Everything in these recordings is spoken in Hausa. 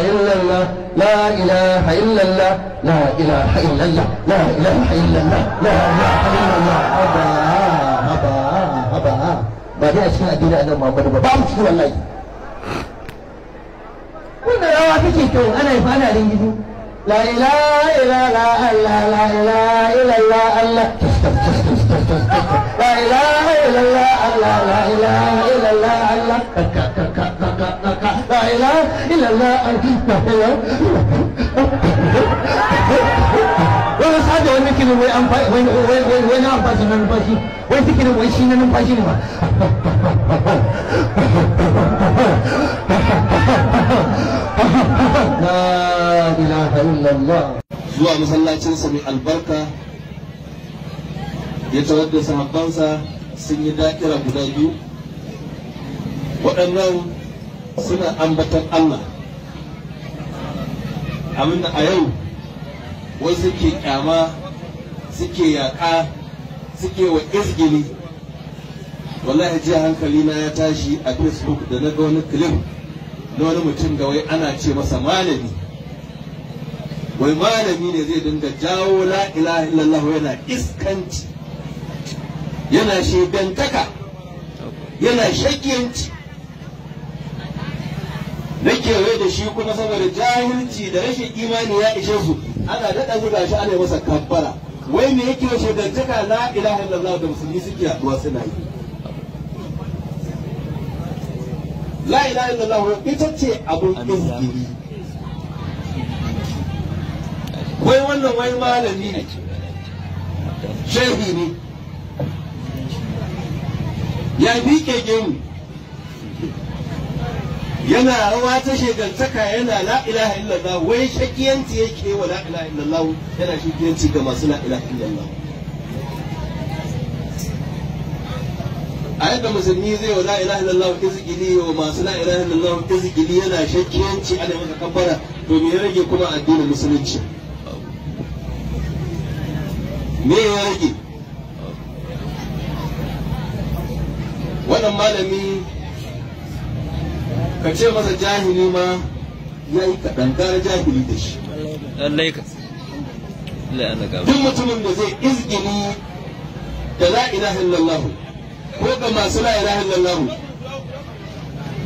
إلا الله لا إله إلا الله لا إله إلا الله لا إله إلا الله لا إله إلا الله أبا أبا أبا بعدين أشياء دي أنا ما بدو بعرف شو والله كنا لو أفكي كون أنا يبقى أنا لنجدو لا إله إلا لا الله لا إله إلا الله الله لا إله إلا الله الله لا إله إلا الله الله ilaha illallah la wani sabi wani kirin wai amfani wai na amfani na numfashi wai su kirin wai shi na numfashi ne ba la ilaha illallah zuwa masallacinsa albarka Dia tawar da sahabbansa sun yi da'ira guda biyu suna ambatan Allah abinda a yau wasu ke kyama suke yaƙa suke wa izgili wallahi jiya hankali na ya tashi a facebook da na ga wani clip na wani mutum da wai ana ce masa malami wai malami ne zai dinga jawo la ilaha illallah yana iskanci yana shegantaka yana shakiyanci nake kewaye da shi kuma saboda jahilci da rashin imani ya ishe su ana daɗa buga shi ana masa kabbara wai me yake wace dantaka la ilaha illallah da musulmi suke yaduwa suna yi la ilaha illallah ita ce abun izgiri wai wannan wai malami ne shehi ne ya bi ke gemu yana rawa ta shegantaka yana la ilaha illallah wai shakiyanci yake wa la ilaha illallah yana shakiyanci ga masu la ilaha illallah a yadda musulmi zai wa la ilaha illallah izgili wa masu la ilaha illallah izgili yana shakiyanci a maka kabbara to me rage kuma addinin musulunci me ya rage wannan malami ka ce masa jahili ma ya yi kaɗan gara jahili da shi duk mutumin da zai izgini da la ilaha illallah ko ga masu la ilaha illallah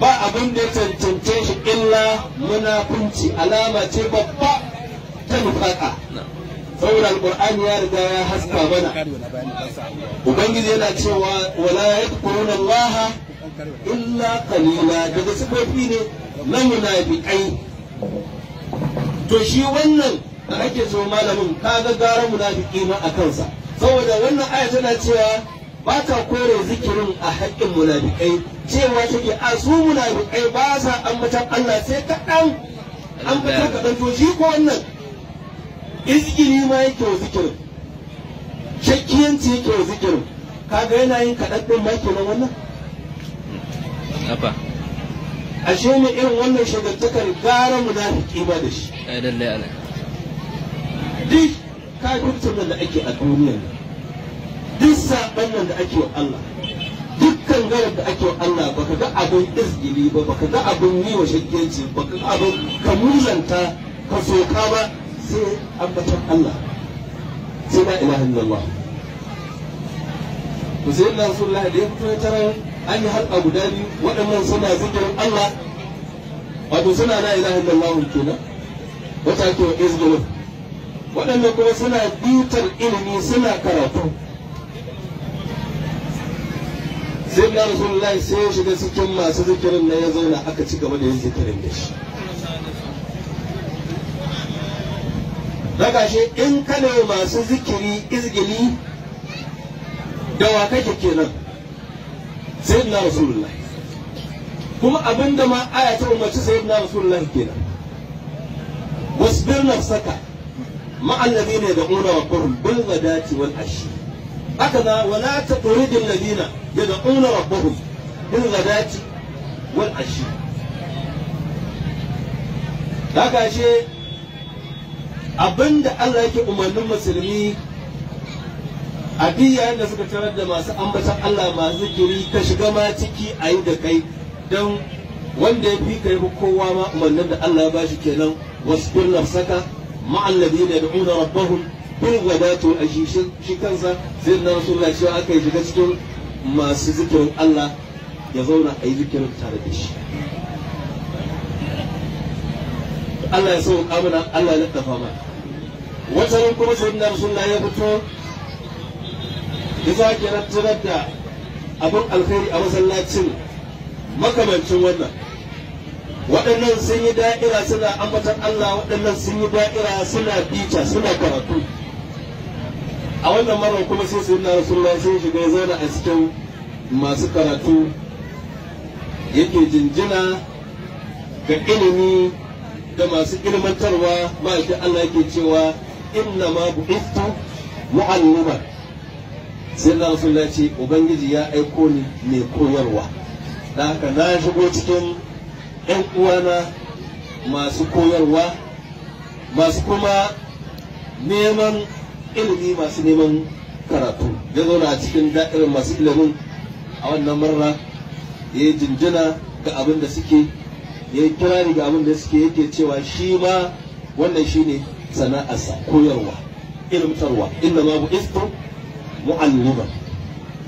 ba abin da ya cancance shi illa munafunci alama ce babba ta nufaka saboda alqur'ani ya riga ya haska mana ubangiji yana cewa wala yadkuruna allaha illa kalila daga sifofi ne na munafikai to shi wannan da ake so malamin kaga gara munafiki ma a kansa saboda wannan aya tana cewa ba ta kore zikirin a haƙƙin munafikai cewa take a su munafikai ba sa ambatan Allah sai kaɗan ambatan kaɗan to shi ko wannan izgiri ma yake wa zikirin shakkiyanci yake wa zikirin kaga yana yin kaɗaɗɗin ɗin ma wannan a ashe ne irin wannan shagantakar gara ta ba da shi ai lalle ana duk kafircin nan da ake a duniya duk saban nan da ake wa Allah dukkan garar da ake wa Allah baka ga abin izgili ba baka ga abin yi wa ba baka ga abin ka muzanta ka soka ba sai ambatan Allah sai la ilaha illallah Hussein Nasrullah da ya fito ya tarayi an yi harka guda biyu waɗannan suna zikirin Allah wato suna na ilahin lallahun kenan wata ke wa izgirin waɗannan kuma suna bitar ilimi suna karatu sai na rasulullahi sai ya shiga cikin masu zikirin na ya zauna aka ci gaba da yin zikirin da shi daga shi in kane masu zikiri izgili da wa kake kenan sayyidina rasulullahi kuma abinda ma aya ta umarci sayyidina rasulullahi kenan wasbir nafsaka مع ta يدعون ربهم بالغداة da هكذا ولا تطرد الذين يدعون ربهم بالغداة da haka ce abinda Allah yake umarnin musulmi a duk yayin da suka tarar da masu ambatan Allah masu zikiri ka shiga ma ciki a yi da kai don wanda ya fi ka yi kowa ma umarnin da Allah ya bashi kenan wasbir nafsaka ma'al ladina yad'una rabbahum bil ghadati wal ashi shi kansa zai na rasulullahi cewa aka shiga cikin masu zikirin Allah ya zauna a yi zikirin tare da shi Allah ya sauƙa mana Allah ya dafa mana wata kuma sai na rasulullahi ya fito za ki rattarar da abin alkhairi a masallacin makamancin wannan waɗannan sun yi da'ira suna ambatan Allah waɗannan sun yi da'ira suna bita suna karatu a wannan marar kuma sai su na ruwa sun shiga zauna a cikin masu karatu yake jinjina ga ilimi da masu ilmantarwa ma'aikin Allah ke cewa inna ma bu'istu mu'allima sai da rasulullah ce ubangiji ya aiko ni mai koyarwa da haka na shigo cikin yan uwana masu koyarwa masu kuma neman ilimi masu neman karatu ya zauna a cikin daɗin masu ilimin a wannan marra ya yi jinjina ga abin da suke ya yi kirari ga abin da suke yake cewa shi ma wannan shine sana'arsa koyarwa ilimtarwa inda ma bu istu معلما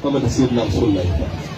فمن سيدنا رسول الله تعالى